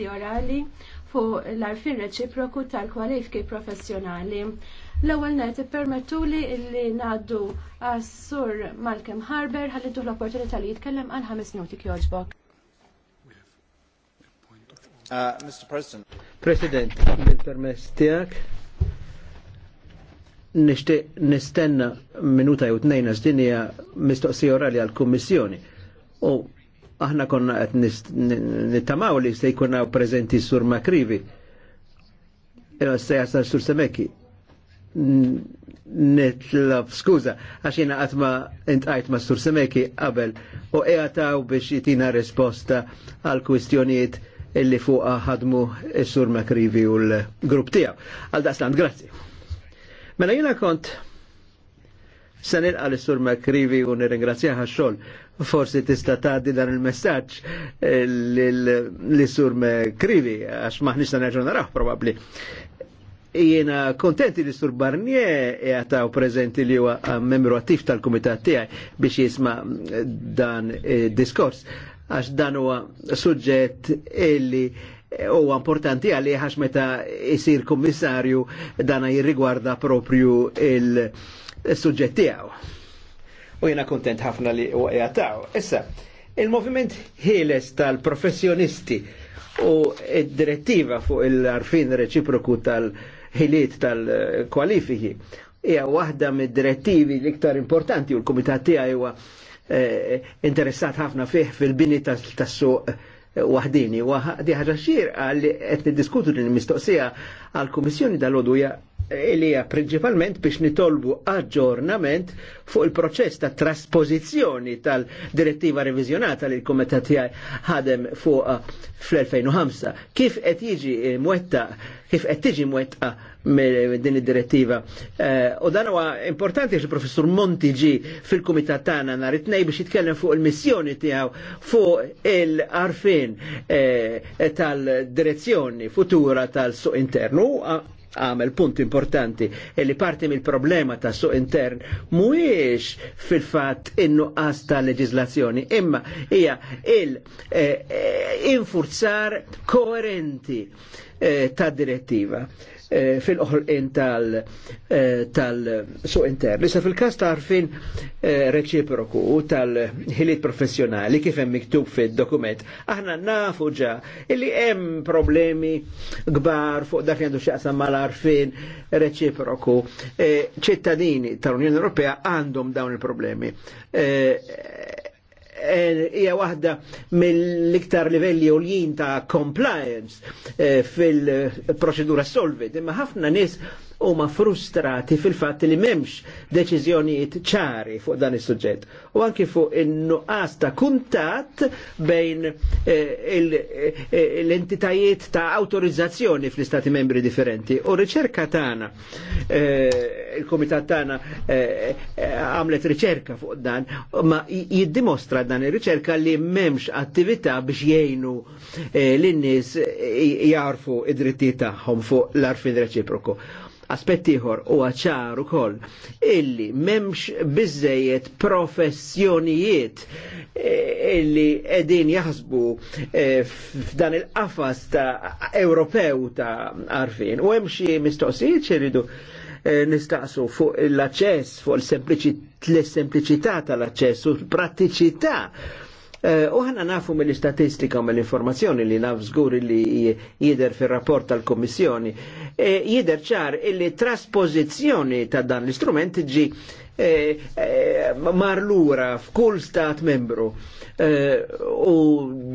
testi orali fuq l-arfin reċiproku tal-kwalifiki professjonali. L-ewwel net ippermettuli li li ngħaddu għas-sur Malcolm Harber ħalli l-opportunità li jitkellem għal ħames minuti jogħġbok. Uh, Mr. President. President, bil-permess tijak, Nixtieq nistenna minuta jew tnejna hija mistoqsija orali għal-Kummissjoni. U aħna konna qed nittamaw li se jkunna prezenti sur Makrivi. Se jasar sur Semeki. Nitlab skuza, għax jena għatma intqajt ma sur Semeki qabel u eħataw biex jitina risposta għal kwistjoniet illi fuqa ħadmu sur Makrivi u l-grupp tijaw. Għal daqsland, grazzi. Mela jena kont Se għal sur Makrivi u nirringrazzjaha xol. Forsi tista tgħaddi dan il messagġ eh, li sur Makrivi għax maħniex nerġgħu naraħ probabli. Jena kontenti li sur Barnier għataw prezenti li huwa membru attiv tal komitat tiegħi biex jisma' dan eh, diskors għax dan huwa suġġett illi u importanti għalli għax meta jisir komissarju dana jirrigwarda propju il- il-sujġet tijaw. U jena kontent ħafna li u għajataw. Issa, il-moviment ħieles tal-professjonisti u id-direttiva fuq il-arfin reċiproku tal-ħiliet tal-kwalifiki hija waħda mid-direttivi l-iktar importanti u l-komitat tiegħi huwa eh, interessat ħafna fih fil-bini tas-suq eh, waħdini. Waħdi ħaġa xir għalli qed niddiskutu din il-mistoqsija għall-Kummissjoni dal-għodu ilija principalment biex nitolbu aġġornament fuq il-proċess ta' trasposizjoni tal-direttiva revizjonata li l-Komitat tiegħi ħadem fuq fl-2005. Kif qed jiġi mwetta, kif qed tiġi mwetta din id-direttiva. Eh, u dan huwa importanti li professur Monti ġi fil-Kumitat tagħna nhar it-tnejn biex jitkellem fuq il-missjoni tiegħu fuq il-arfin eh, tal-direzzjoni futura tal-suq internu għamel punt importanti e li parti mill problema ta' suq intern mhuwiex fil-fatt innuqqas ta' leġislazzjoni imma hija il-infurzar eh, eh, koerenti eh, ta' direttiva fil eh, fil in tal-suq tal, eh, so intern. Issa fil-kas ta' arfin eh, reċiproku tal-ħiliet professjonali kif hemm miktub fil-dokument, aħna nafu ġa illi hemm problemi gbar fuq dak li għandu xaqsam mal-arfin reċiproku. ċittadini tal-Unjoni Ewropea għandhom dawn il-problemi. Eh, hija waħda mill-iktar livelli oljin ta' compliance eh, fil-proċedura solvit, imma ħafna nies huma frustrati fil-fatt li m'hemmx deċiżjonijiet ċari fuq dan is-suġġett. U anki fuq in-nuqqas ta' kuntat bejn eh, eh, l-entitajiet ta' autorizzazzjoni fl-istati membri differenti. U riċerka tagħna, eh, il-kumitat tagħna għamlet riċerka fuq dan, ma jiddimostra dan ir-riċerka li m'hemmx attività biex jgħinu lin-nies jarfu id-drittijiet tagħhom fuq l-arfin reċiproku. Aspett ieħor għacħar ċar ukoll illi m'hemmx bizzejiet professjonijiet eh, illi qegħdin jaħsbu eh, f'dan il-qafas ta' Ewropew ta' arfin. U hemm xi mistoqsijiet xeridu eh, nistaqsu fuq l-aċċess, fuq l-sempliċità tal-aċċess u l-prattiċità Eh, u ħana nafu mill-istatistika u mill-informazzjoni li naf zgur li jider fil-rapport tal-Kommissjoni, eh, jider ċar illi trasposizjoni ta' dan l-istrument ġi eh, marlura f'kull stat membru u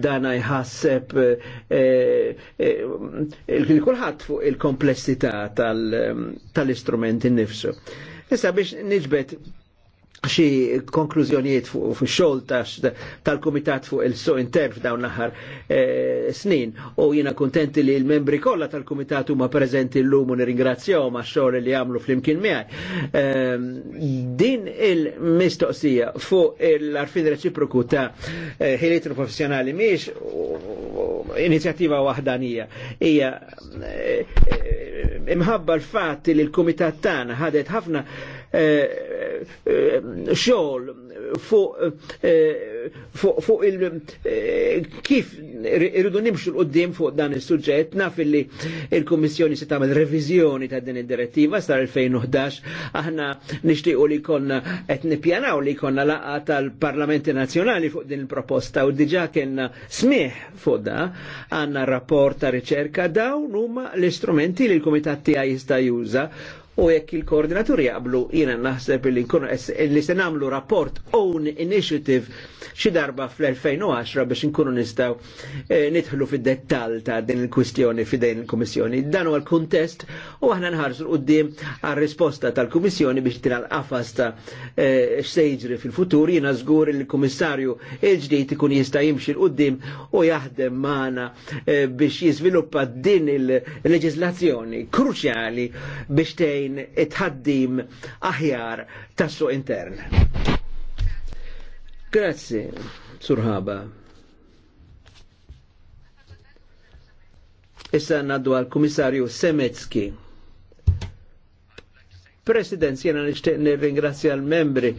dana jħasseb il-kulħat fuq il-komplessità tal-istrument innifsu. Issa biex nġbet xi konklużjonijiet fuq fu xogħol tal-Kumitat fuq il soq intern f'dawn l-aħħar eh, snin u jiena kuntenti li l-membri kollha tal-Kumitat huma preżenti llum u nirringrazzjahom għax-xogħol li jagħmlu flimkien miegħi. Ehm, din il-mistoqsija fuq l-arfin reċiproku ta' eh, ħiliet professjonali miex inizjattiva waħdanija hija eh, imħabba l-fatt li l-Kumitat tagħna ħadet ħafna Eh, eh, xogħol fuq eh, il kif irridu nimxu l qudiem fuq dan is-suġġett naf li il-Kummissjoni se tagħmel reviżjoni ta' din id-direttiva sar 2011 aħna nixtiequ li konna qed nippjanaw li konna laqa tal-Parlamenti Nazzjonali fuq din il-proposta u diġà kellna smih fuq da għandna rapport ta' riċerka dawn huma l-istrumenti li l-Kumitat tiegħi jista' juża u jekk il-koordinaturi jaqblu jiena naħseb li nkunu li se nagħmlu rapport own initiative xi darba fl-2010 biex inkunu nistaw eh, nidħlu fid-dettall ta' din il-kwistjoni fidejn il-Kummissjoni. Dan huwa l-kuntest u aħna nħarsu qudiem għar risposta tal-Kummissjoni biex l qafas ta' eh, x'sejġri fil-futur jiena żgur il-Kummissarju il-ġdid ikun jista' jimxi l qudiem u jaħdem magħna eh, biex jiżviluppa din il leġiżlazzjoni kruċjali biex tgħin it-ħaddim aħjar tas-suq intern. Grazie, surħaba. Issa naddu għal komissarju Semetski. President, jena nishtiq nirringrazzja l-membri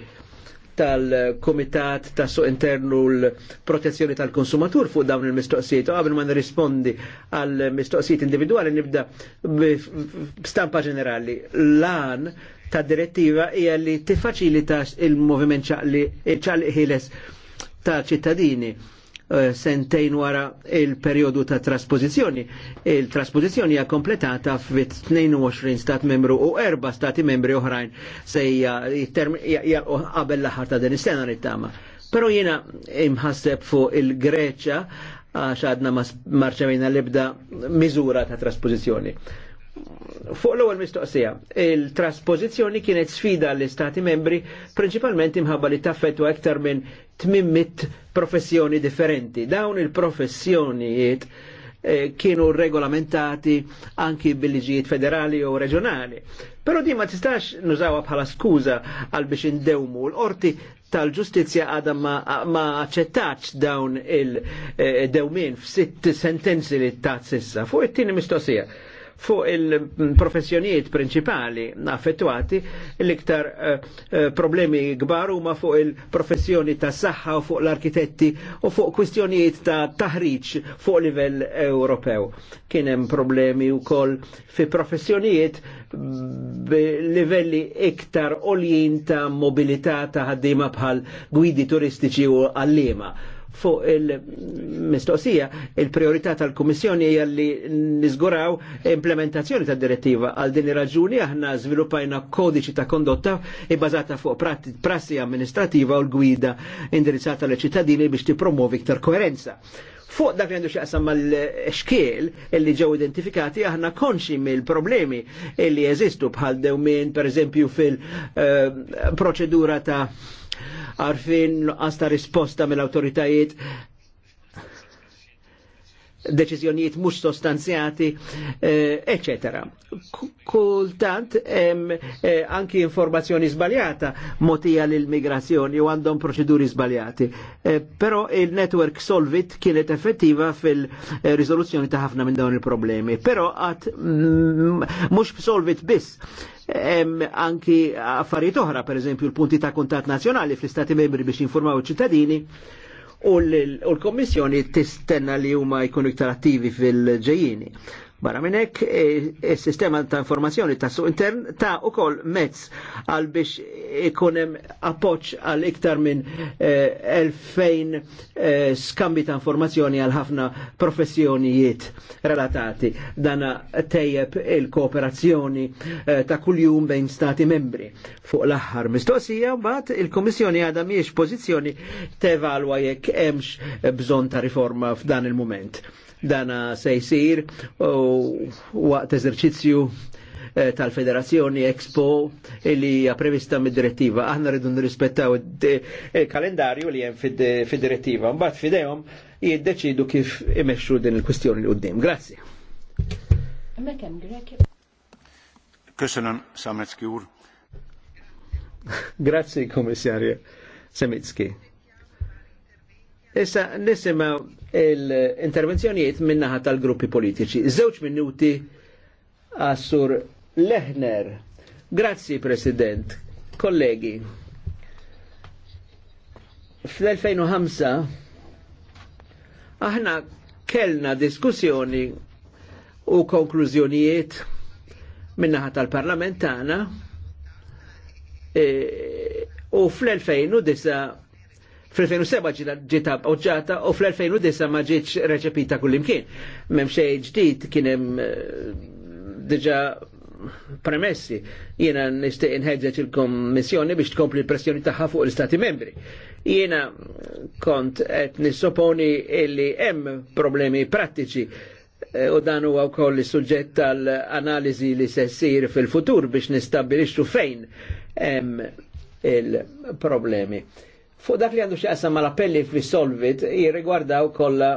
tal-Komitat tas suq internu l-protezzjoni tal-konsumatur fuq dawn il-mistoqsijiet. Qabel ma nirrispondi għal mistoqsijiet individuali nibda stampa ġenerali. Lan ta' direttiva hija li tiffaċilita il-moviment ċaqli ħiles ta' ċittadini eh, sentejn wara il-periodu ta' trasposizjoni. Il-trasposizjoni hija kompletata fit 22 stat membru u erba stati membri oħrajn sejja qabel l-aħħar ta' din is-sena nittama. Però jiena imħasseb fuq il-Greċja għax għadna marċavina l-ebda miżura ta' trasposizjoni. Fuq l-ewwel mistoqsija, il-trasposizzjoni kienet sfida l istati membri prinċipalment imħabba li taffetwa aktar minn 800 professjoni differenti. Dawn il-professjonijiet eh, kienu regolamentati anki bil-liġijiet federali u reġjonali. Però di ma tistax nużawa bħala skuża għal biex indewmu l orti tal-ġustizja għada ma aċċettax dawn il-dewmin eh, f'sitt sentenzi li ta' sissa fuq it-tieni mistoqsija fuq il-professjonijiet principali affettuati l-iktar uh, problemi gbar huma fuq il-professjoni ta' saħħa u fuq l-arkitetti u fuq kwistjonijiet ta' taħriġ fuq livell Ewropew. Kien hemm problemi wkoll fi professjonijiet livelli iktar oljin ta' mobilità ta' ħaddiema bħal gwidi turistiċi u għallima fuq il-mistoqsija, il-priorità tal-Kummissjoni hija li niżguraw implementazzjoni tad direttiva għal din raġuni aħna żviluppajna kodiċi ta' kondotta ibbażata fuq prassi amministrativa u l-gwida indirizzata l ċittadini biex tippromovi iktar koerenza. Fuq dak li għandu xaqsam mal-xkiel illi ġew identifikati aħna konxi mill-problemi illi jeżistu bħal dewmin, per eżempju, fil-proċedura eh, ta' arfin għasta risposta mill-autoritajiet deċiżjonijiet mhux sostanzjati, eccetera. Eh, kultant eh, anki informazzjoni sbaljata motija l-immigrazzjoni u għandhom proċeduri sbaljati. Eh, però il-network Solvit kienet effettiva fil rizoluzzjoni ta' ħafna minn dawn il-problemi. Però għat mm, mhux Solvit biss anki affarijiet oħra, per eżempju, l-punti ta' kontat nazjonali fl-Istati membri biex informaw iċ-ċittadini u l-Kommissjoni tistenna li huma jkunu iktar attivi fil-ġejjini. Barra minnek, il-sistema e, e, ta' informazzjoni ta' suq intern ta' u kol mezz għal biex ikunem appoċ għal iktar minn 2000 e, skambi ta' informazzjoni għal ħafna professjonijiet relatati. Dana tejjeb il-kooperazzjoni ta' kuljum bejn stati membri. Fuq l-aħħar mistoqsija, bat il-Komissjoni għadha miex pożizzjoni tevalwa jekk hemmx bżonn ta' riforma f'dan il-moment. Dana se u waqt eżerċizzju eh, tal-Federazzjoni Expo li hija prevista mid-direttiva. Aħna rridu nirrispettaw eh, il-kalendarju li hemm fid-direttiva. Mbagħad fidejhom jiddeċidu kif imexxu din il-kwistjoni li qudiem. Grazzi. Köszönöm, Sametski úr. Grazie, komissarja Sametski. Issa nisima l-intervenzjonijiet minnaħat tal-gruppi politiċi. Żewġ minuti għassur Lehner. Grazzi, President. Kollegi, fl-2005 aħna kellna diskussjoni u konklużjonijiet minnaħat tal-parlamentana e, u fl-2009 Fl-2007 ġiet appoġġata u fl-2009 ma ġietx reċepita kullimkien. M'hemm xej ġdid kien hemm eh, diġa' premessi jiena nistaq inħeġġeġ il-Kommissjoni biex tkompli l-pressjoni tagħha fuq l-Stati membri. Jiena kont qed nissoponi illi hemm problemi prattiċi eh, u dan huwa wkoll is-suġġett tal-analiżi li se ssir fil-futur biex nistabbilixxu fejn hemm il-problemi. Fuq dak li għandu xaqsam ma l-appelli fil-solvit jirrigwardaw kolla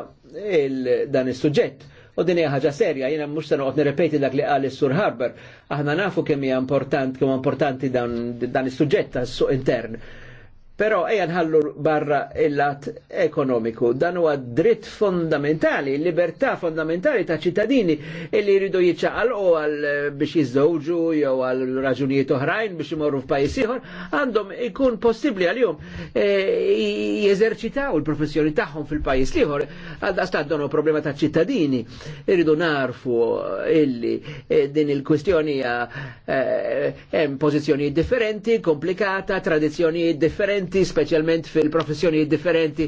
dan il-sujġett. U din hija ħaġa serja, jiena mhux se noqgħod nirrepeti dak li għal sur Harbor. Aħna nafu kemm hija important, kemm importanti dan, dan is-suġġett tas-suq intern Pero eja nħallu barra il-lat ekonomiku. Dan huwa dritt fondamentali, libertà fondamentali ta' ċittadini illi jridu jiċċaqal u għal eh, biex jiżżewġu jew għal raġunijiet oħrajn biex imorru f'pajjiż ieħor, għandhom ikun possibbli għalihom eh, jeżerċitaw il-professjoni tagħhom fil-pajjiż ieħor għal daqstant problema ta' ċittadini. Irridu narfu illi eh, din il-kwistjoni hemm pożizzjonijiet differenti, komplikata, tradizzjonijiet differenti differenti, specialment fil-professjoni differenti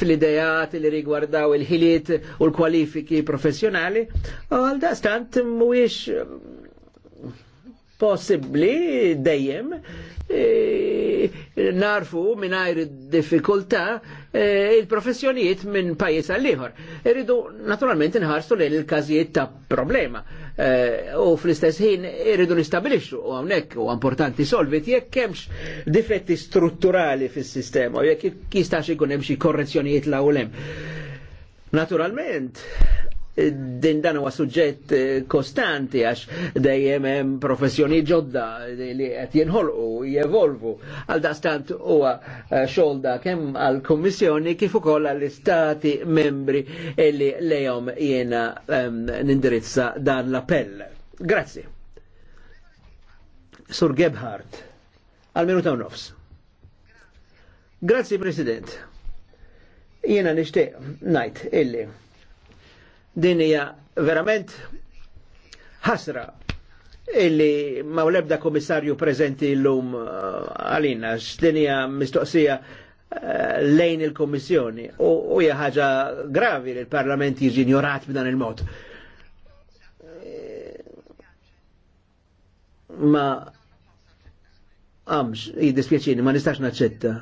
fil-idejat li rigwardaw il-ħiliet u l-kwalifiki professjonali, għal da stant mwix possibbli dejjem e, narfu mingħajr diffikultà e, il-professjonijiet minn pajis għal ieħor. Irridu naturalment inħarsu lejn il-każijiet ta' problema e, u fl-istess ħin irridu nistabilixxu u hawnhekk u importanti solvit jekk hemmx difetti strutturali fis-sistema u jekk jistax ikun hemm xi korrezzjonijiet l hemm. Naturalment, din dan huwa suġġett eh, kostanti għax dejjem hemm professjoni ġodda li qed jinħolqu jevolvu. Għal daqstant huwa eh, xogħol kemm għall kummissjoni kif ukoll għall-istati membri li lejhom jiena ehm, nindirizza dan l-appell. Grazzi. Sur Gebhardt, għal minuta nofs. Grazzi President. Jiena nixtieq ngħid illi Din hija verament ħasra illi ma' lebda komissarju prezenti l-lum eh, għalina, x'dinja mistoqsija eh, lejn il-Komissjoni u hija ħaġa gravi li l-Parlament jiġi ignorat b'dan il-mod. Eh, ma għamx, jiddispjaċini, ma nistax naċċetta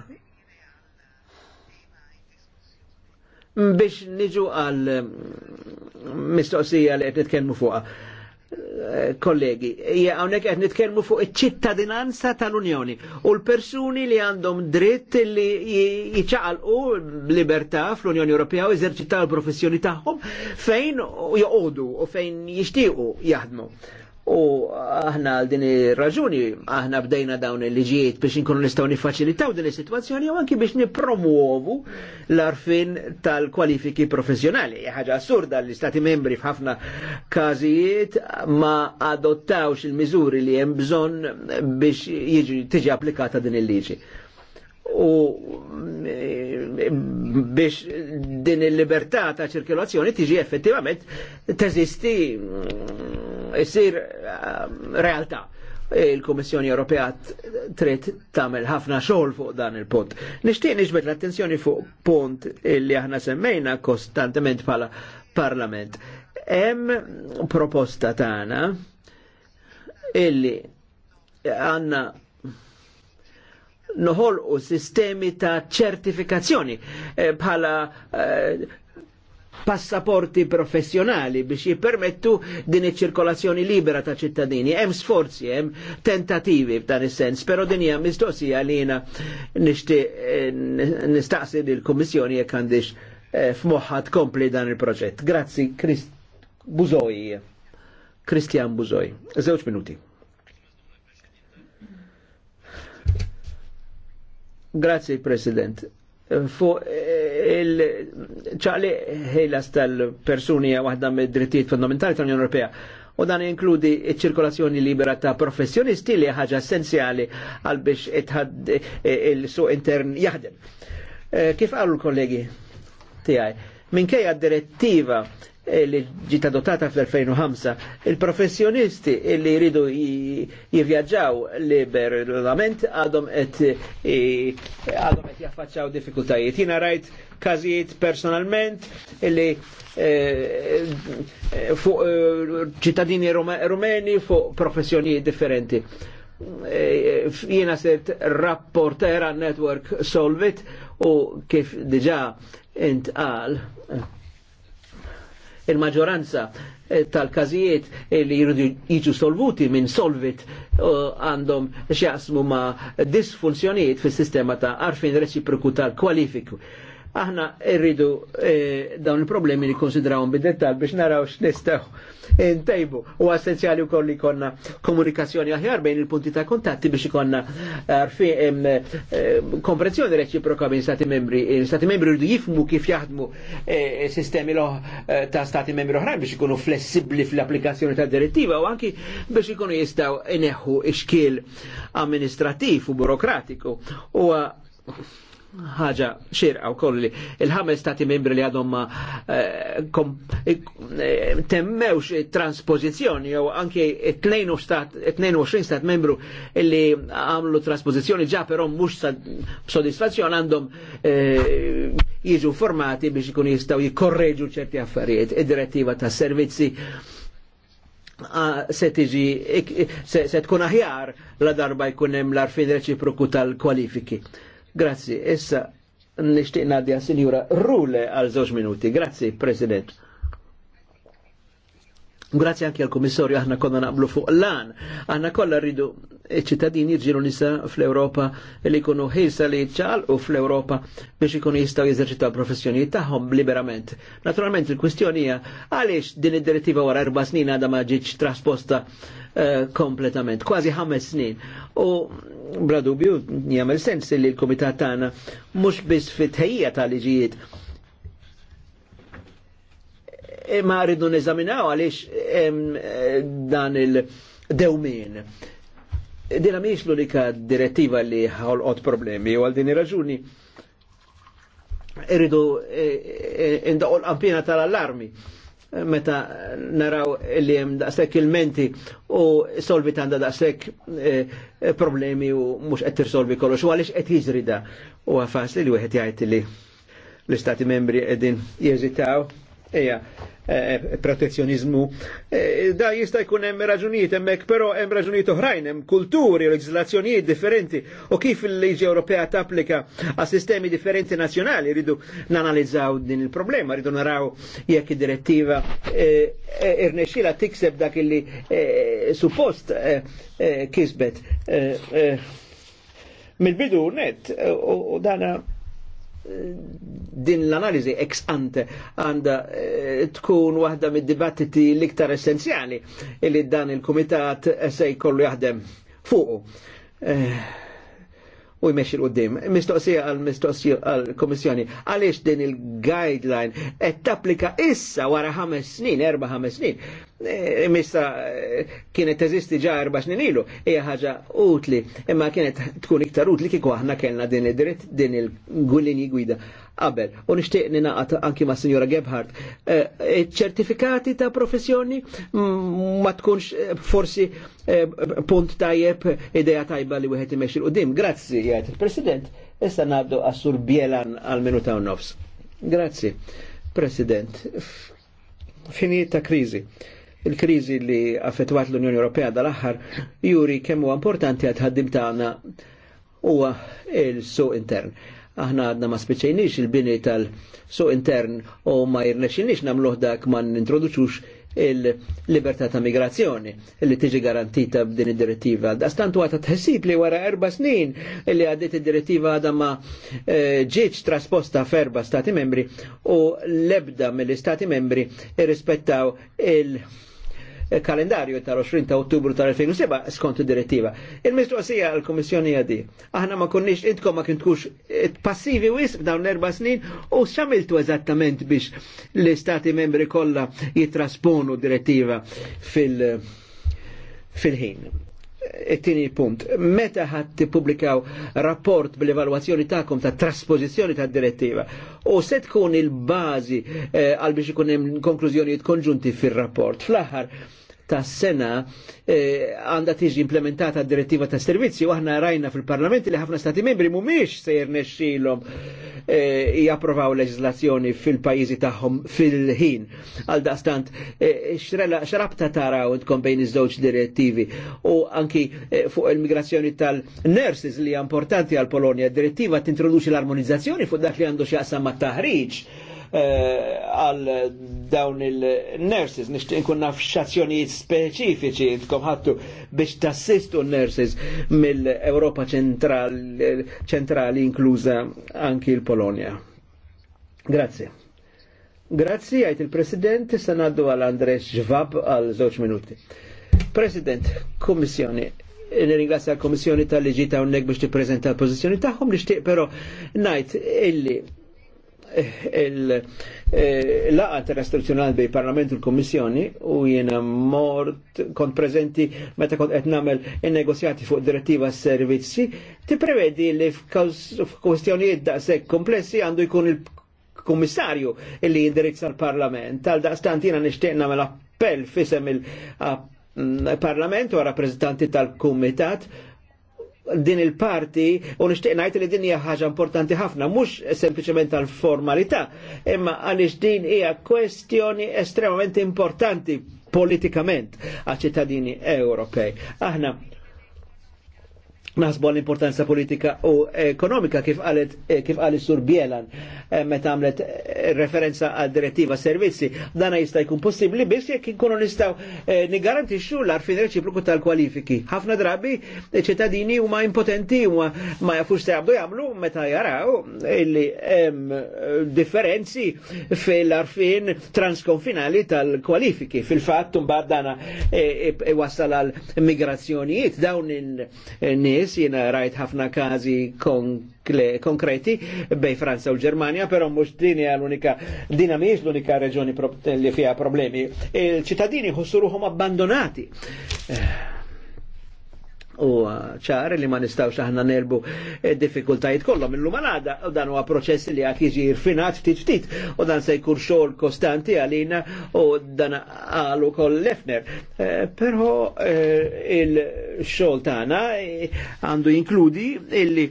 biex niġu għal mm, mistoqsija li qed nitkellmu fuqha. Eh, kollegi, hawnhekk qed nitkellmu fuq iċ-ċittadinanza tal-Unjoni u l-persuni li għandhom dritt li jiċaqalqu libertà fl-Unjoni Ewropea u jeżerċitaw il-professjoni tagħhom fejn joqogħdu u fejn jixtiequ jaħdmu. U aħna għal din ir-raġuni aħna bdejna dawn il-liġijiet biex inkunu nistgħu niffaċilitaw din is-sitwazzjoni u anki biex nippromuovu l-arfin tal-kwalifiki professjonali. Ħaġa assurda l-Istati membri f'ħafna każijiet ma adottawx il-miżuri li hemm bżonn biex tiġi applikata din il-liġi u biex din il-libertà ta' ċirkolazzjoni tiġi effettivament teżisti jisir eh, realtà il komissjoni Ewropea trid tagħmel ħafna xogħol fuq dan il-punt. Nixtieq niġbed l-attenzjoni fuq punt li aħna semmejna kostantement bħala Parlament. Hemm proposta tagħna illi għandna noħolqu sistemi ta' ċertifikazzjoni eh, bħala eh, passaporti professjonali biex jippermettu din iċ-ċirkolazzjoni libera ta' ċittadini. Hemm sforzi, hemm tentativi f'dan is-sens, però din hija mistoqsija li jiena eh, nistaqsi lil kummissjoni jekk għandix eh, f'moħħa tkompli dan il-proġett. Grazzi, Krist Buzoj. Kristjan Buzoj. Żewġ minuti. Grazzi, President. Fuq il ħejlas tal-persuni waħda me drittijiet fundamentali tal-Unjoni Ewropea u dan jinkludi ċirkolazzjoni libera ta' professjonisti li ħaġa essenzjali għal biex il-suq intern jaħdem. Eh, kif għallu l-kollegi tijaj? Minkejja direttiva Eh, li ġiet adottata fl-2005, il-professjonisti li jridu jivjaġġaw liberament għadhom qed eh, għadhom qed jaffaċċaw diffikultajiet. Jiena rajt każijiet personalment li eh, fuq ċittadini rumeni fuq professjonijiet differenti jiena sirt rapporter għan network Solvit u kif diġa intqal il-maġoranza eh, tal-kazijiet eh, li jridu jiġu solvuti minn solvit eh, għandhom xjaqsmu ma disfunzjonijiet fis sistema ta' arfin reċiproku tal-kwalifiku aħna irridu eh, dawn il-problemi li konsidrawhom bid-dettal biex naraw x'nistgħu ntejbu. U essenzjali wkoll li konna komunikazzjoni aħjar bejn il-punti ta' kontatti biex ikonna eh, eh, komprensjoni reċiproka bejn stati membri. Stati membri rridu jifmu kif jaħdmu sistemi ta' stati membri oħrajn biex ikunu flessibbli fl-applikazzjoni ta' direttiva u anki biex ikunu jistgħu ineħħu ixkiel amministrativ u burokratiku ħaġa xirqa u kolli il-ħames stati membri li għadhom ma eh, eh, temmewx transpozizjoni jew anke 22 stat membru li għamlu transpozizjoni ġa però mux b'sodisfazzjon għandhom eh, jiġu formati biex ikun jistaw jikorreġu ċerti affarijiet id-direttiva ta' servizzi ah, se tiġi se tkun aħjar la darba jkun hemm l-arfin reċiproku tal-kwalifiki Grazzi, issa nishtiqna nadja signora rule għal żewġ minuti. Grazzi, President. Grazie anche al commissario, aħna konna naqblu fuq lan, aħna kolla rridu ċittadini ġilu nisa fl e li kunu ħilsa li ċal u fl-Europa biex ikunu jistaw jeżerċitaw professjoni tagħhom liberament. Naturalment il-kwistjoni hija għaliex din id-direttiva wara erba' snin għadha ma ġietx trasposta eh, kompletament, kważi ħames snin. U bla dubju jagħmel sens li l-kumitat tagħna mhux biss fit-tħejja tal-liġijiet E ma rridu neżaminaw għaliex dan il-dewmin. Dina miex l-unika direttiva li ħolqot problemi u għal din raġuni irridu e, e, inda l-qampina tal-allarmi meta naraw li jem daqsek il-menti u solvi tanda daqsek problemi u mux qed solvi kollu xo għalix qed jizrida u għafas li l-wieħed jgħid li l-istati membri qegħdin jeżitaw eja eh, protezzjonizmu. Eh, da jista' jkun hemm raġunijiet hemmhekk, però hemm raġunijiet oħrajn, hemm kulturi, leġislazzjonijiet differenti u kif il-liġi Ewropea tapplika a sistemi differenti nazzjonali rridu nanalizzaw din il-problema, rridu naraw jekk id-direttiva eh, irnexxila tikseb dak illi suppost kisbet. Mill-bidu net u dana din l-analizi ex ante għanda eh, tkun waħda mid-dibattiti l-iktar essenzjali li dan il-komitat se jkollu jaħdem fuqu. Eh u jmexxi l qudiem Mistoqsija għal mistoqsija għal komissjoni għaliex din il-guideline qed tapplika issa wara ħames snin, erba' ħames snin. E, missa e, kienet teżisti ġa erba' snin ilu, hija ħaġa utli, imma kienet tkun iktar utli kieku aħna kellna din id-dritt din il-gullini gwida qabel. U nixtieq ninaqat anki ma' signora Gebhardt. Eh, eh, ċertifikati ta' professjoni mm, ma tkunx eh, forsi punt tajjeb ideja tajba li wieħed imexxi l-qudiem. Grazzi, jgħid il-President. Issa nabdu għassur Bielan għal minuta u nofs. Grazzi, President. Finijiet ta' kriżi il-krizi li affettwat l-Unjoni Ewropea dal-aħħar juri kemm huwa importanti għad ħaddim tagħna huwa il-suq intern aħna għadna ma speċejnix il-bini tal-so intern u ma jirnexinix namluħ dak ma nintroduċux il-libertà ta' migrazzjoni li tiġi garantita b'din id-direttiva. Dastant għata tħessib li wara erba snin li għaddit id-direttiva għadha ma eh, ġieċ trasposta f'erba stati membri u lebda mill-istati membri irrispettaw il- kalendarju ta' 20 ta' ottubru tal-2007 skont direttiva. Il-mistoqsija għal-Komissjoni għadi. Aħna ma konniex, intkom ma kintkux eh, passivi wis dawn l-erba snin u xamiltu eżattament biex l istati membri kollha jitrasponu direttiva fil- fil-ħin it-tini punt, meta ħat tippubblikaw rapport bil-evalwazzjoni ta'kom ta' trasposizjoni ta' direttiva u se tkun il-bazi eh, għal biex ikun hemm konklużjonijiet konġunti fir-rapport. Fl-aħħar, tas sena għandha eh, tiġi implementata direttiva ta' servizzi u aħna rajna fil-parlament li ħafna stati membri mumiex se jirnexxilhom eh, japprovaw leġislazzjoni fil-pajjiżi tagħhom fil-ħin. Għal daqstant e, xrabta taraw tkom bejn iż-żewġ direttivi u anki eh, fuq il-migrazzjoni tal-nurses li hija importanti għal Polonja, d-direttiva tintroduċi l-armonizzazzjoni fuq dak li għandu x'jaqsam mat-taħriġ Eh, għal dawn il-nurses, nix nkun naf xazzjonijiet speċifiċi tkom ħattu biex tassistu nurses mill-Europa ċentrali inkluża anki l polonia Grazie. Grazzi, għajt il-President, sanaddu għal Andres Ġvab għal zoċ minuti. President, Komissjoni, nirringrazzja l Komissjoni tal-liġi ta' unnek biex ti prezenta l-pozizjoni tagħhom nixtieq però ngħid illi il-laqa eh, terrestrizzjonali bej parlament u l-Kommissjoni u jiena mort kont prezenti meta kont qed nagħmel in-negozjati fuq direttiva servizzi, tipprevedi li f'kwestjonijiet daqshekk komplessi għandu jkun il-Kummissarju illi jindirizza l-Parlament. Tal daqstant jiena nixtieq nagħmel appell fisem il-Parlament mm, u rappreżentanti tal-Kumitat din il-parti u nishtiq najt li din hija ħaġa importanti ħafna, mhux sempliċement għall formalità, imma għaliex din hija kwestjoni estremament importanti politikament għal ċittadini Ewropej. Aħna naħsbu l-importanza politika u ekonomika kif qalet kif għalet Sur Bielan eh, meta għamlet eh, referenza għad direttiva servizzi. Dana jista' jkun possibbli biex jekk inkunu nistgħu eh, nigarantixxu l-arfin reċiproku tal-kwalifiki. Ħafna drabi ċittadini huma impotenti huma ma jafux jabdu jamlu meta jaraw illi differenzi fil-arfin transkonfinali tal-kwalifiki. Fil-fatt mbagħad dana wassal għal migrazzjonijiet dawn in-nies biss, jina rajt ħafna kazi konkreti bej Franza u Ġermania, pero mux dini għal unika dina miex l-unika reġjoni li fija problemi. Il-ċittadini ħossuruhom abbandonati. Eh u ċar li ma nistawx aħna nerbu eh, diffikultajiet kollha minnhom għada u dan huwa proċess li għak jiġi rfinat ftit ftit u dan se jkun xogħol kostanti għalina u dan għalu koll Lefner. Eh, però eh, il-xogħol tagħna għandu jinkludi illi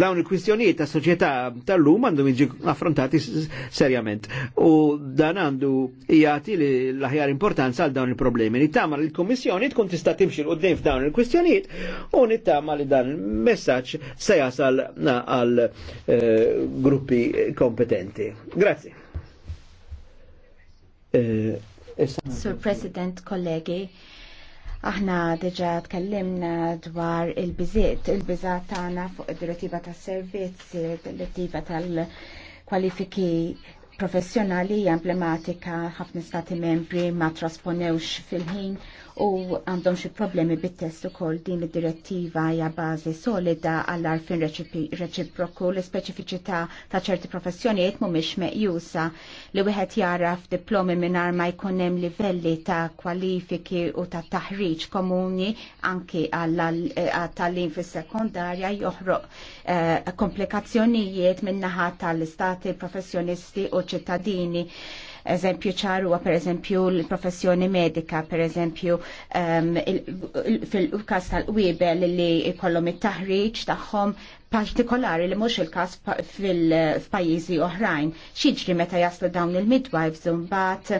dawn il-kwistjonijiet ta' soċjetà tal-lum għandu jiġi affrontati serjament u dan għandu jagħti l-aħjar importanza għal dawn il-problemi. Nittama il kommissjoni tkun tista' timxi qudiem f'dawn il-kwistjonijiet u nittama li dan il-messaġġ se jasal għal eh, gruppi kompetenti. Grazzi. Eh, Sir President, kollegi, Aħna deġa tkellimna dwar il-biżiet, il-biżat tagħna fuq id-direttiva tas-servizzi, id-direttiva tal-kwalifiki professjonali hija emblematika ħafna stati membri ma trasponewx fil-ħin u għandhom xi problemi bit-test ukoll din id-direttiva hija bażi solida għall arfin reċiproku l-ispeċifiċità ta' ċerti professjonijiet mhumiex meqjusa li wieħed jara f'diplomi mingħajr ma jkun hemm livelli ta' kwalifiki u ta' taħriġ komuni anki eh, għat-tagħlim fis-sekondarja joħroq eh, komplikazzjonijiet min-naħa tal-istati professjonisti u ċittadini Eżempju ċaru per eżempju l-professjoni medika, per eżempju um, fil-kas tal-wibel li kollom it-taħriġ tagħhom partikolari li mhux il-kas fil pajizi oħrajn. X'jiġri meta jaslu dawn il-midwives bat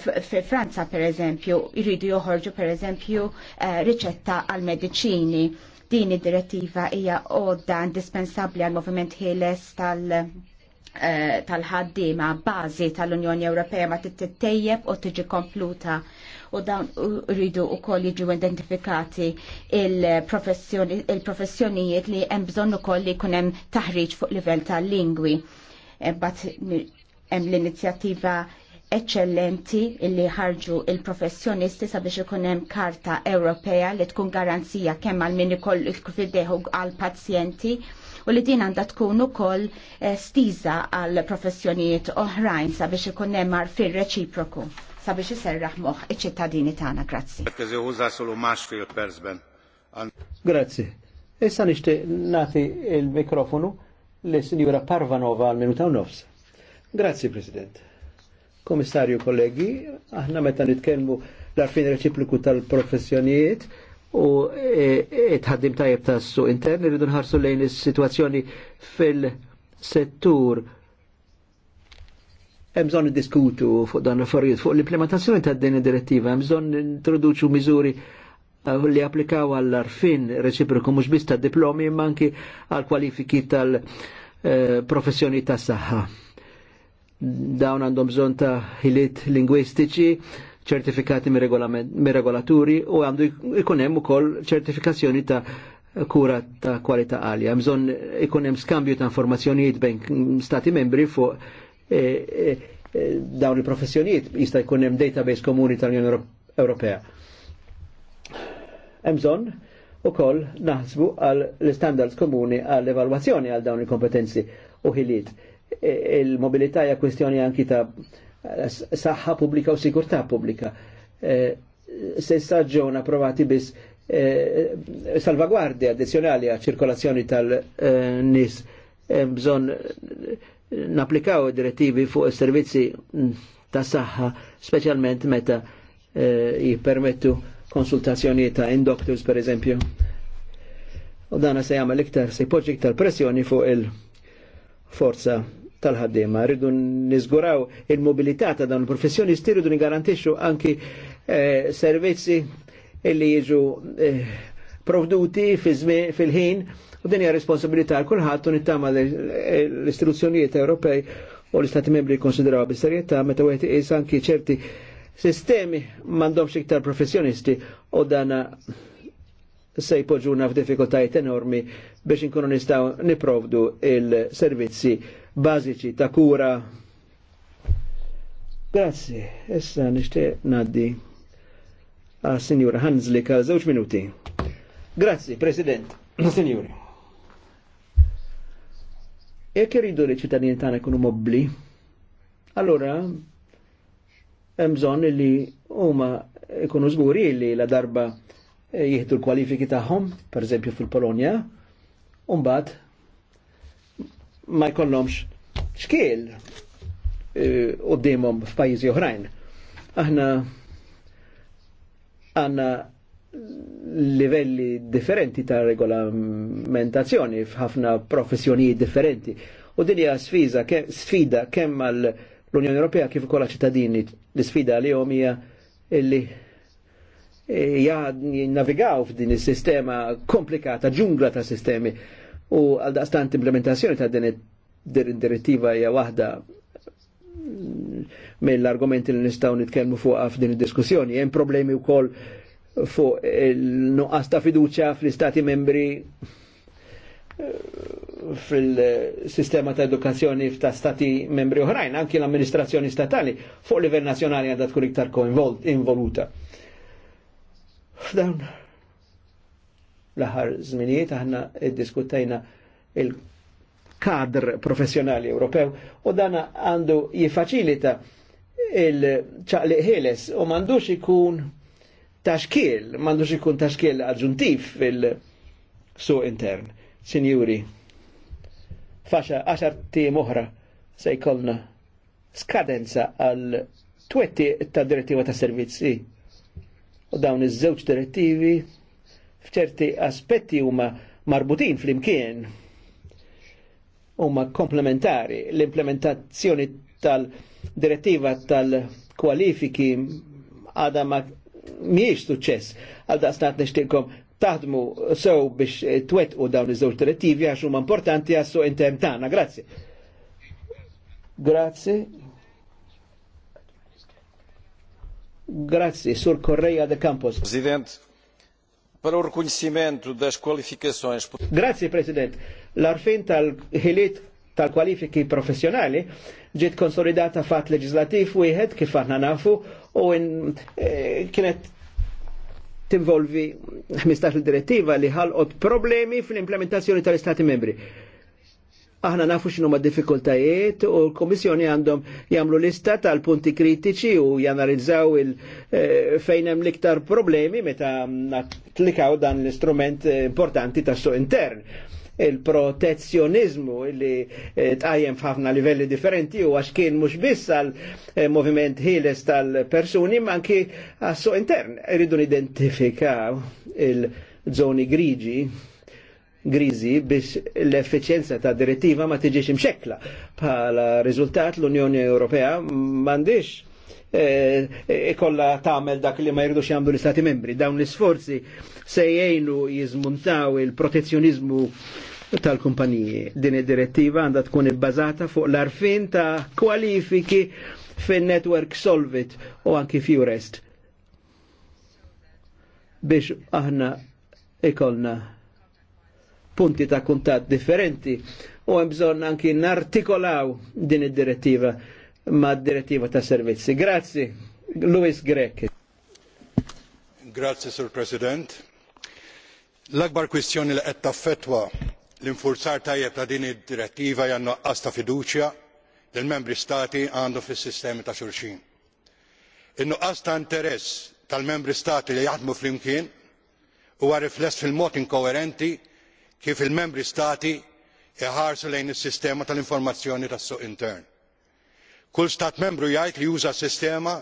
fil Franza per eżempju jridu joħorġu per eżempju eh, riċetta għal medicini din id-direttiva hija għodda indispensabbli għal moviment ħieles tal- Eh, tal-ħaddima bażi tal-Unjoni Ewropea ma tittejjeb u tiġi kompluta u dawn rridu u koll jiġu identifikati il-professjonijiet li hemm bżonn ukoll li jkun hemm taħriġ fuq livell tal-lingwi. Bat hemm l-inizjattiva eccellenti illi ħarġu il-professjonisti sabiex ikun hemm karta Ewropea li tkun garanzija kemm għal min ikoll il kufideħu għal pazjenti u li din għandha tkun ukoll eh, stiża għal professjonijiet oħrajn sabiex ikun hemm għarfien reċiproku sabiex iserraħ moħħ iċ-ċittadini tagħna. Grazzi. Grazzi. Issa nixtieq nagħti il-mikrofonu lis sinjura Parvanova għal minuta nofs. Grazzi, President. Komissarju, kollegi, aħna meta nitkellmu l-arfin reċipliku tal-professjonijiet, u e, e, tħaddim tajjeb tas-suq intern irridu nħarsu lejn is-sitwazzjoni fil-settur hemm bżonn niddiskutu fuq dan l-affarijiet fuq l-implementazzjoni ta' din id-direttiva hemm bżonn introduċu miżuri eh, li applikaw għall-arfin reċiproku mhux biss tad-diplomi imma anki għal kwalifiki tal-professjoni eh, tas-saħħa. Dawn għandhom bżonn ta' ħiliet lingwistiċi ċertifikati mir-regolaturi u għandu ikun hemm ukoll ċertifikazzjoni ta' kura ta' kwalità għalja. Mżon ikun hemm skambju ta' informazzjonijiet bejn stati membri fuq e, e, e, dawn il-professjonijiet jista' jkun hemm database komuni tal-Unjoni Ewropea. Hemm bżonn ukoll naħsbu għal l-standards komuni għal evalwazzjoni għal dawn il-kompetenzi u ħiliet. E, il-mobilità hija kwestjoni anki ta' saħħa pubblika u sigurtà pubblika. Eh, se staġġon approvati biss eh, salvaguardia addizjonali għal ċirkolazzjoni tal-nis eh, bżon naplikaw direttivi fuq il servizzi ta' saħħa, specialment meta jippermettu konsultazzjoni ta' indoctors per eżempju. U dana se jagħmel iktar se jpoġġi iktar pressjoni fuq il-forza tal-ħaddiema. Rridu niżguraw il-mobilità ta' dawn il-professjonisti, rridu nigarantixxu anki eh, servizzi illi jiġu eh, provduti fil-ħin u din hija responsabilità kulħadd u nittama eh, l-istituzzjonijiet Ewropej u l-Istati Membri jkonsidraw bis-serjetà meta wieħed iqis anki ċerti sistemi m'għandhomx iktar professjonisti u dana se jpoġuna f'diffikultajiet enormi biex inkunu nistgħu niprovdu il-servizzi bażiċi ta' kura. Grazzi, issa nixtieq naddi għas Sinjura Hanslik għal żewġ minuti. Grazzi, President, Sinjuri. Jekk irridu li ċittadini tagħna jkunu mobbli, allora hemm bżonn li huma jkunu żguri li la darba jieħdu l-kwalifiki tagħhom, pereżempju fil-Polonja, u mbagħad ma jkollhomx xkiel eh, qoddimhom f'pajjiżi oħrajn. Aħna għanna livelli differenti ta' regolamentazzjoni f'ħafna professjonijiet differenti. U din hija sfida sfida kemm l-Unjoni Ewropea kif ukoll ċittadini l-sfida li hom hija illi eh, jgħad navigaw f'din is-sistema komplikata, ġungla ta' sistemi U għal daqstant implementazzjoni ta' din id-direttiva hija waħda mill-argumenti li nistgħu nitkellmu fuqha f'din id-diskussjoni. Hemm problemi wkoll fuq il-nuqqas ta' fiduċja fl-istati membri eh, fil-sistema ta' edukazzjoni ta' stati membri oħrajn, anki l-amministrazzjoni statali fuq livell nazzjonali għandha tkun iktar involuta. F'dawn l-aħħar żminijiet aħna diskutejna il-kadr professjonali Ewropew u dana għandu jifaċilita il-ċaqliq u m'għandux ikun taxkiel, m'għandux ikun taxkiel aġġuntiv fil-suq intern. Sinjuri, faċa għaxar tim oħra se jkollna skadenza għal twetti ta' direttiva ta' servizzi. U dawn iż-żewġ direttivi f'ċerti aspetti huma marbutin fl-imkien huma komplementari l-implementazzjoni tal-direttiva tal-kwalifiki għadha ma miex suċċess għal daqsnat nishtilkom taħdmu sew biex twetqu dawn iż-żewġ direttivi għax huma importanti għassu intem tagħna. Grazzi. Grazzi. Grazzi, Sur Correia de Campos. President, Grazie, Presidente. l tal-ħiliet tal-kwalifiki professjonali ġiet konsolidata fat u wieħed kif aħna nafu u eh, kienet tinvolvi 15 direttiva li ħalqot problemi fl-implementazzjoni tal-Istati membri aħna nafu x'inhu ma' diffikultajiet u l-Komissjoni għandhom jagħmlu lista tal-punti kritiċi u janalizzaw il eh, fejn hemm l-iktar problemi meta natlikaw dan l-istrument eh, importanti tas-suq intern il-protezzjonizmu li eh, tqajjem f'ħafna livelli differenti u għax kien mhux biss għal moviment ħieles tal-persuni ma anki għas-suq intern. Irridu nidentifikaw il-żoni grigi grizi biex l efficienza ta' direttiva ma tiġiex imxekla. Bħala riżultat l-Unjoni Ewropea m'għandix eh, ikolla e, e, tamel dak li ma jirdux jamdu l-Istati membri. Dawn l-sforzi se jgħinu jizmuntaw il-protezzjonizmu tal-kumpaniji. Din id-direttiva għandha tkun ibbażata fuq l-arfin ta' kwalifiki fin-network Solvit u anki Furest biex aħna ikolna punti ta' kuntat differenti u hemm bżonn anki nartikolaw din id-direttiva ma' direttiva ta' servizzi. Grazzi, Luis Grek. Grazzi, Sur President. L-akbar kwistjoni li qed taffettwa l-infurzar tajjeb ta' din id-direttiva hija nuqqas ta' fiduċja lill membri stati għandu fis-sistemi ta' xulxin. In-nuqqas ta' interess tal-membri stati li jaħdmu flimkien huwa rifless fil-mod inkoerenti kif il membri stati iħarsu lejn is-sistema tal-informazzjoni tas-suq intern. Kull stat membru jgħid li juża s-sistema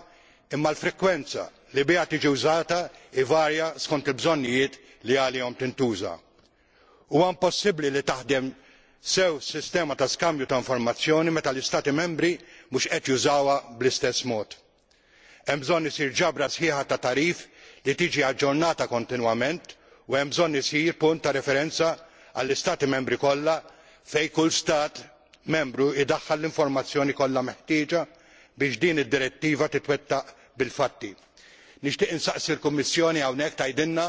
imma l-frekwenza li biha tiġi użata ivarja skont il-bżonnijiet li għalihom tintuża. Huwa impossibbli li taħdem sew sistema ta' skambju ta' informazzjoni meta l-istati membri mhux qed jużawha bl-istess mod. Hemm bżonn isir ġabra sħiħa ta' tarif li tiġi aġġornata kontinwament u hemm bżonn isir punt ta' referenza għall istati membri kollha fejn kull stat membru idaħħal l-informazzjoni kollha meħtieġa biex din id-direttiva titwettaq bil fatti. nixtieq insaqsi l kummissjoni hawnhekk tgħidilna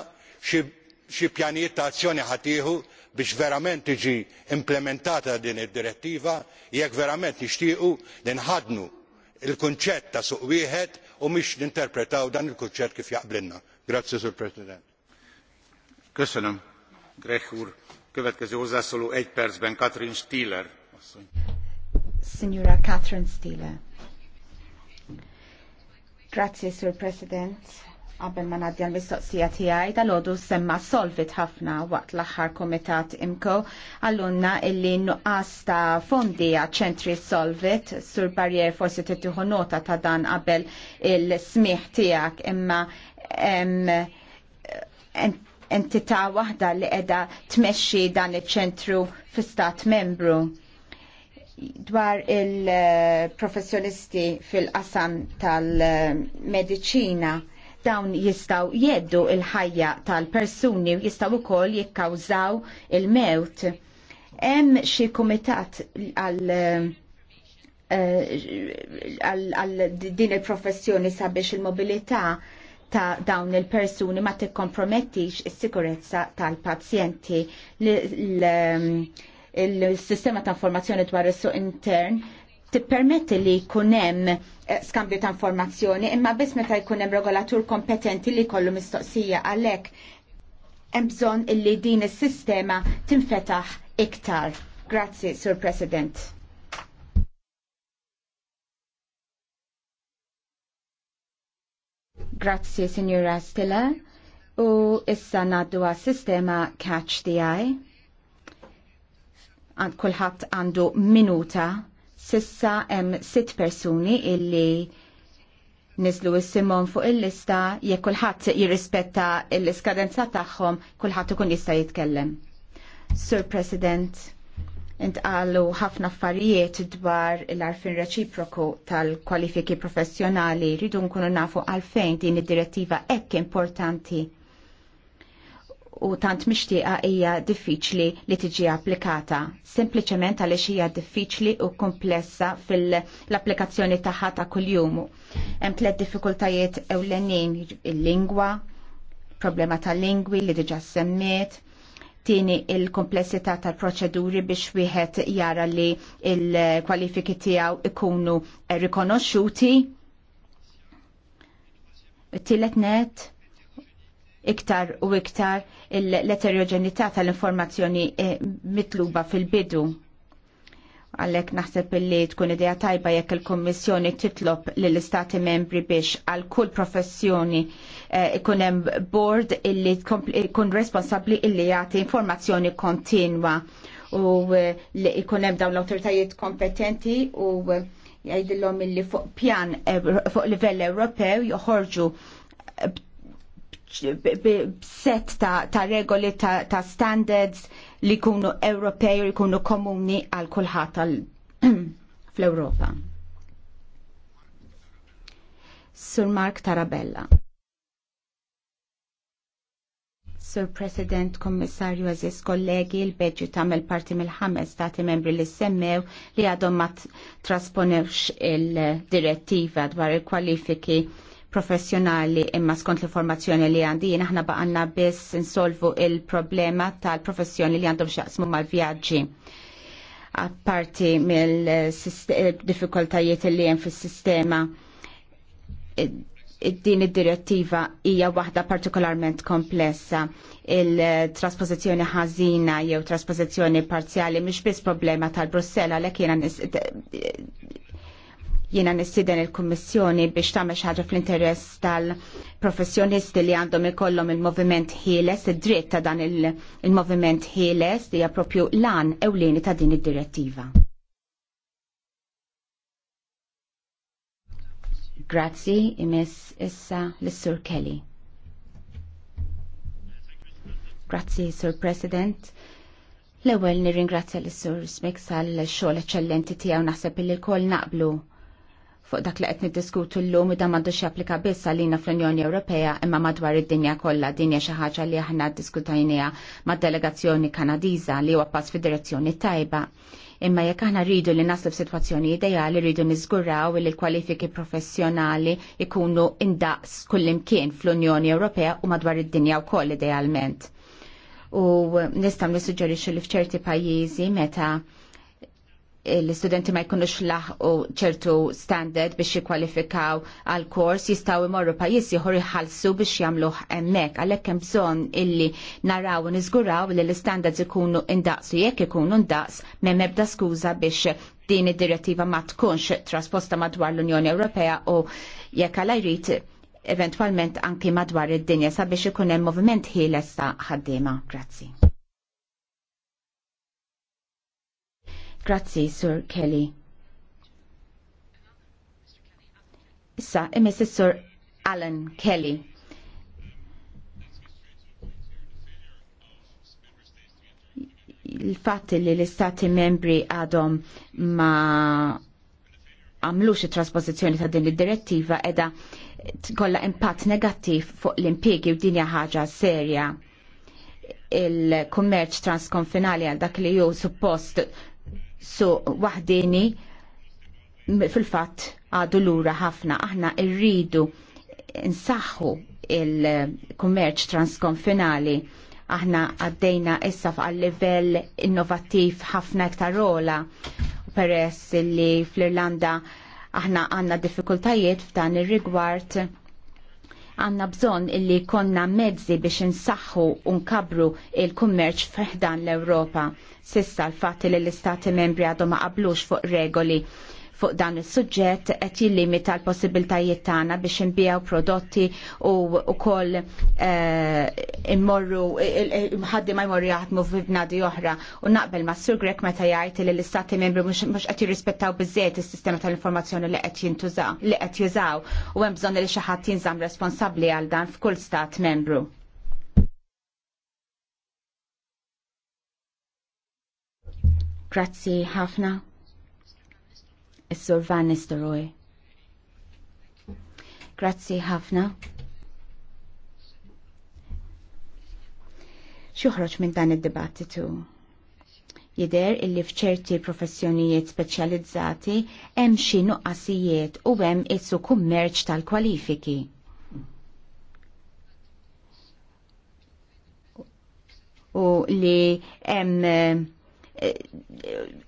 xi pjanijiet ta' azzjoni ħadd biex verament tiġi implementata din id-direttiva jekk verament nixtiequ li nħadnu l kunċett ta' suq wieħed u mhix ninterpretaw dan il-kunċett kif jaqblilna. Grazzi, Sur President. Következő hozzászóló egy percben Katrin Stieler. Signora Catherine Stieler. Grazie, Sir President. Qabel ma nadja l-mistoqsija tiegħi dal-għodu semma solvit ħafna waqt l-aħħar komitat imko għallunna illi nuqqas ta' fondi ċentri solvit sur barrier forsi tittuħu nota ta' dan qabel il-smiħ tiegħek imma entità waħda li qiegħda tmexxi dan iċ-ċentru fi stat membru dwar il-professjonisti fil-qasam tal-medicina dawn jistaw jeddu il-ħajja tal-persuni u jistaw ukoll jikkawżaw il-mewt. Hemm xi kumitat għal eh, għal din il-professjoni sabiex il-mobilità ta' dawn il-persuni ma tikkompromettix is-sikurezza tal-pazjenti. Il-sistema ta' informazzjoni dwar is-suq intern tippermetti li jkun hemm eh, skambju ta' informazzjoni imma biss meta jkun hemm regolatur kompetenti li jkollu mistoqsija għalhekk hemm bżonn illi din is-sistema tinfetaħ iktar. Grazzi, Sur President. Grazzi, Signora Stella. U issa naddu sistema Catch the Eye. Għand kullħat għandu minuta. Sissa hemm sitt persuni illi nizlu s-simon fuq il-lista jekk kulħadd jirrispetta l-iskadenza tagħhom kulħadd ikun jista' jitkellem. Sur President, intqalu ħafna affarijiet dwar l-arfin reċiproku tal-kwalifiki professjonali rridu nkunu nafu għalfejn din id-direttiva ekk importanti u tant mixtieqa hija diffiċli li tiġi applikata. Sempliċement għaliex hija diffiċli u komplessa fil-applikazzjoni tagħha ta' kuljum. Hemm tliet diffikultajiet ewlenin il-lingwa, problema tal-lingwi li diġa semmiet, Tieni il-komplessità tal-proċeduri biex wieħed jara li il-kwalifiki tiegħu ikunu eh, rikonoxxuti. Tillet net iktar u iktar l-eterogenità tal-informazzjoni eh, mitluba fil-bidu Għalek naħseb illi tkun idea tajba jekk il-Kommissjoni titlob lill istati membri biex għal kull professjoni Eh, ikun hemm board illi jkun responsabbli illi jagħti informazzjoni kontinwa u eh, li ikunem hemm dawn l-awtoritajiet kompetenti u eh, jgħidilhom illi fuq pjan fuq livell Ewropew joħorġu set ta', regoli ta', ta standards li kunu Ewropej u li kunu komuni għal kulħadd fl-Ewropa. Sur Mark Tarabella. Sur President, Kommissarju, Aziz, kollegi, il-beġu tamel parti mill-ħames stati membri li semmew li għadhom ma trasponewx il-direttiva dwar il-kwalifiki professjonali imma skont l-informazzjoni li għandi aħna baqanna biss insolvu il-problema tal-professjoni li għandhom xaqsmu mal-vjaġġi apparti mill-diffikultajiet eh, li hemm fis-sistema din id-direttiva hija waħda partikolarment komplessa. Il-trasposizjoni ħażina jew trasposizjoni parzjali mhix biss problema tal-Brussella għalhekk jiena jiena nissiden il-Kummissjoni biex tagħmel xi ħaġa fl-interess tal-professjonisti li għandhom ikollhom il-moviment ħieles, id-dritt ta' dan il-moviment ħieles li hija propju lan ewlieni ta' din id-direttiva. Grazzi, imis issa l-Sur Kelly. Grazzi, Sur President. L-ewel nirringrazzja l-Sur Smix għal xogħol eċċellenti tiegħu naħseb li l-kol naqblu fuq dak li qed niddiskutu llum u dan m'għandux japplika biss għalina fl-Unjoni Ewropea imma madwar id-dinja kollha dinja xi ħaġa li aħna ddiskutejniha mad-delegazzjoni Kanadiża li huwa pass fid-direzzjoni tajba. Imma jekk aħna rridu li naslu f'sitwazzjoni ideali rridu niżguraw li l-kwalifiki professjonali ikunu indaqs kullimkien fl-Unjoni Ewropea u madwar id-dinja wkoll idealment. U nistgħu nissuġġerixxu li f'ċerti pajjiżi meta l-istudenti ma jkunux laħqu ċertu standard biex jikwalifikaw għal kors jistaw imorru pajis jħor jħalsu biex jamluħ emmek. Għalek hemm bżon illi naraw u nizguraw li l-standards ikunu indaqsu jekk ikunu indaqs me ebda skuża biex din id-direttiva ma tkunx trasposta madwar l-Unjoni Ewropea u jekk għal jrid eventualment anki madwar id-dinja sabiex ikun hemm moviment ħieles ta' ħaddiema. Grazzi. Grazzi, Sur Kelly. Issa, imis Sur Alan Kelly. il fat li l-istati membri għadhom ma għamlux it-trasposizjoni ta' din id-direttiva edha tkolla impatt negattiv fuq l-impiegi u dinja ħaġa serja il-kummerċ transkonfinali għal dak li ju suppost so, waħdini fil-fatt għadu lura ħafna aħna irridu nsaħħu il-kummerċ transkonfinali aħna għaddejna issa għal livell innovattiv ħafna iktar rola peress li fl-Irlanda aħna għanna diffikultajiet f'dan ir-rigward Għanna bżon illi konna mezzi biex insaxħu unkabru il-kummerċ fiħdan l-Europa. Sissa l-fatti li l-Istati membri għadhom ma qablux fuq regoli fuq dan is-suġġett qed jillimita l-possibiltajiet tagħna biex inbijaw prodotti u wkoll eh, immorru ħaddi ma jmorru jaħdmu f'bnadi oħra u naqbel ma' Sur Grek meta jgħid li l-istati membri mhux qed jirrispettaw biżżejjed is-sistema tal-informazzjoni li qed jintużaw li qed jużaw u hemm bżonn li xi ħadd jinżamm responsabbli għal dan f'kull stat membru. Grazzi ħafna. Is-Sur Van Nistelrooy. Grazzi ħafna. Xuħroċ minn dan id-dibattitu. Jider illi fċerti professjonijiet speċjalizzati hemm xi nuqqasijiet u hemm issu kummerċ tal-kwalifiki. U li hemm eh,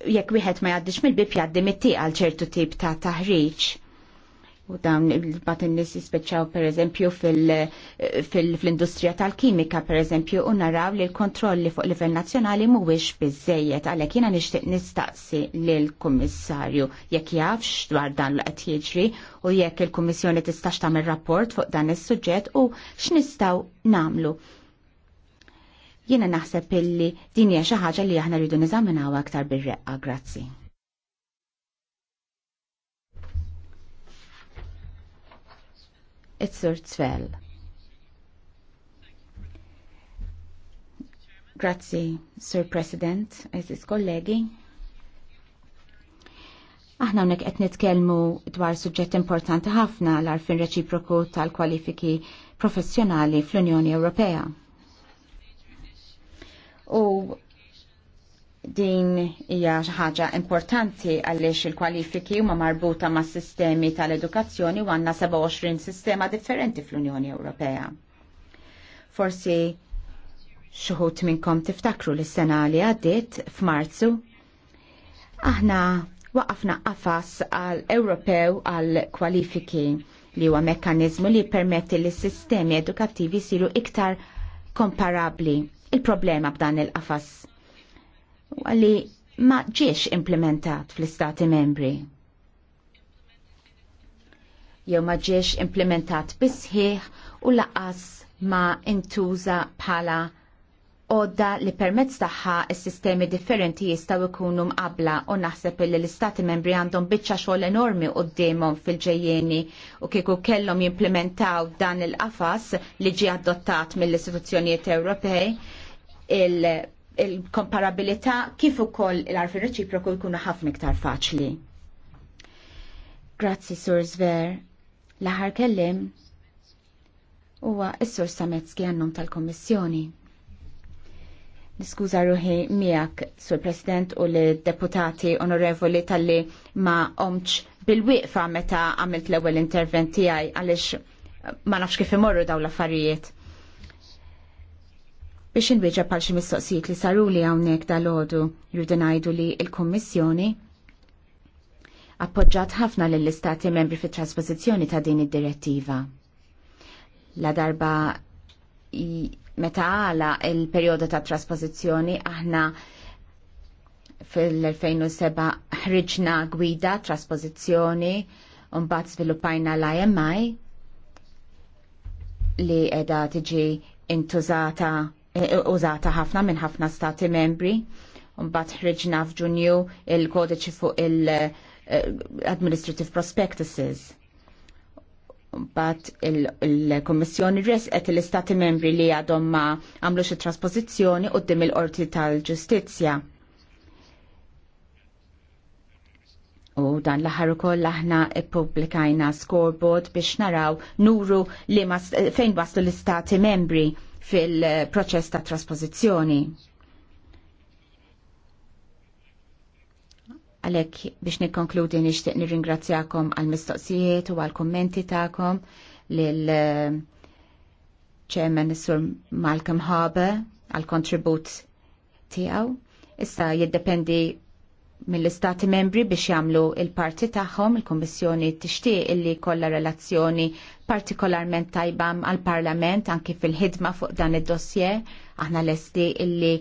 jekk wieħed ma jgħaddix mill-bib jgħaddi mit għal ċertu tip ta' taħriġ. U dawn bat n-nis jispeċaw per eżempju fil-industrija tal-kimika per eżempju u naraw li l-kontrolli fuq livell nazzjonali mhuwiex biżejjed għalhekk jiena nixtieq nistaqsi lil kummissarju jekk jafx dwar dan li qed jiġri u jekk il-Kummissjoni tistax tagħmel rapport fuq dan is-suġġett u x'nistgħu nagħmlu Jiena naħseb illi din hija xi ħaġa li aħna rridu niżaminaw aktar bir-reqqa. Grazzi. It-Sur Tfel. Grazzi, Sir President, eżis kollegi. Aħna hawnhekk qed nitkellmu dwar suġġett importanti ħafna l-arfin reċiproku tal-kwalifiki professjonali fl-Unjoni Ewropea. din hija xi ħaġa importanti għaliex il-kwalifiki huma marbuta ma' sistemi tal-edukazzjoni u għandna 27 sistema differenti fl-Unjoni Ewropea. Forsi xuħut minnkom tiftakru li s-sena li għaddiet f'Marzu aħna waqafna qafas għal Ewropew għal kwalifiki li huwa mekkaniżmu li jippermetti li s-sistemi edukattivi jsiru iktar komparabli. Il-problema b'dan il-qafas għalli ma ġiex implementat fl-istati membri. Jew ma ġiex implementat bisħiħ u laqas ma intuża bħala odda li permezz tagħha s-sistemi differenti jistgħu jkunu mqabla u naħseb li l-istati membri għandhom biċċa xogħol enormi qudiemhom fil-ġejjeni u kieku kellhom jimplementaw dan il-qafas li ġie adottat mill-istituzzjonijiet Ewropej il il-komparabilità kif ukoll l arfi reċiproku jkunu ħafna iktar faċli. Grazzi, Sur Zver. L-aħar kellim huwa s-Sur Sametski għannum tal-Kommissjoni. Niskuża ruħi miegħek, Sur President u l-deputati onorevoli tal-li ma omċ bil-wieqfa meta għamilt l-ewwel intervent tiegħi għaliex ma nafx kif imorru daw l-affarijiet Biex inbiġa pal xi mistoqsijiet li saru li hawnhekk dal-għodu jridu ngħidu li l-Kummissjoni appoġġat ħafna lill-Istati membri fit-trasposizzjoni ta' din id-direttiva. La darba meta għala il-perjodu ta' trasposizzjoni aħna fil-2007 ħriġna gwida trasposizzjoni un-bat sviluppajna l-IMI li edha tiġi intużata Eh, użata ħafna minn ħafna stati membri. Mbagħad ħriġna f'Ġunju il-kodiċi fuq il-Administrative Prospectuses. Mbagħad il-Kommissjoni resqet l-Istati membri li għadhom ma għamlux it-trasposizzjoni qudiem il-Qorti tal-Ġustizzja. U dan l-aħħar ukoll aħna ippubblikajna scoreboard biex naraw nuru li fejn waslu l-istati membri fil-proċess ta' trasposizjoni. Għalek biex nikkonkludi nixtieq nirringrazzjakom għal mistoqsijiet u għal kommenti tagħkom lil ċemmen eh, sur Malcolm Harbour għal kontribut tiegħu. Issa jiddependi mill-istati membri biex jagħmlu il-parti tagħhom, il-Kummissjoni tixtieq illi kollha relazzjoni partikolarment tajba għal-Parlament anki fil-ħidma fuq dan id-dossier. Aħna lesti illi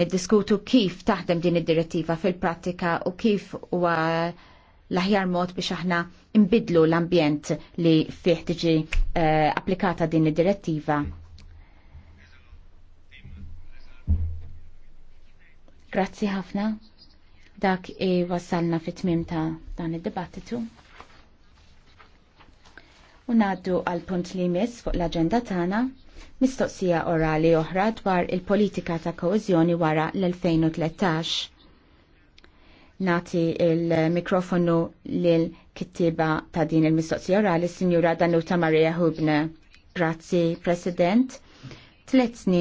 niddiskutu kif taħdem din id-direttiva fil-prattika u kif huwa l-aħjar mod biex aħna imbidlu l-ambjent li fih tiġi uh, applikata din id-direttiva. Grazzi ħafna dak i wasalna fit tmim ta' dan id-dibattitu. U naddu għal punt li jmiss fuq l-agenda tagħna mistoqsija orali oħra dwar il-politika ta' koeżjoni wara l-2013. Nati il-mikrofonu lil kittiba ta' din il-mistoqsija orali, Sinjura Danuta Maria Hubne. Grazzi, President. Tlet snin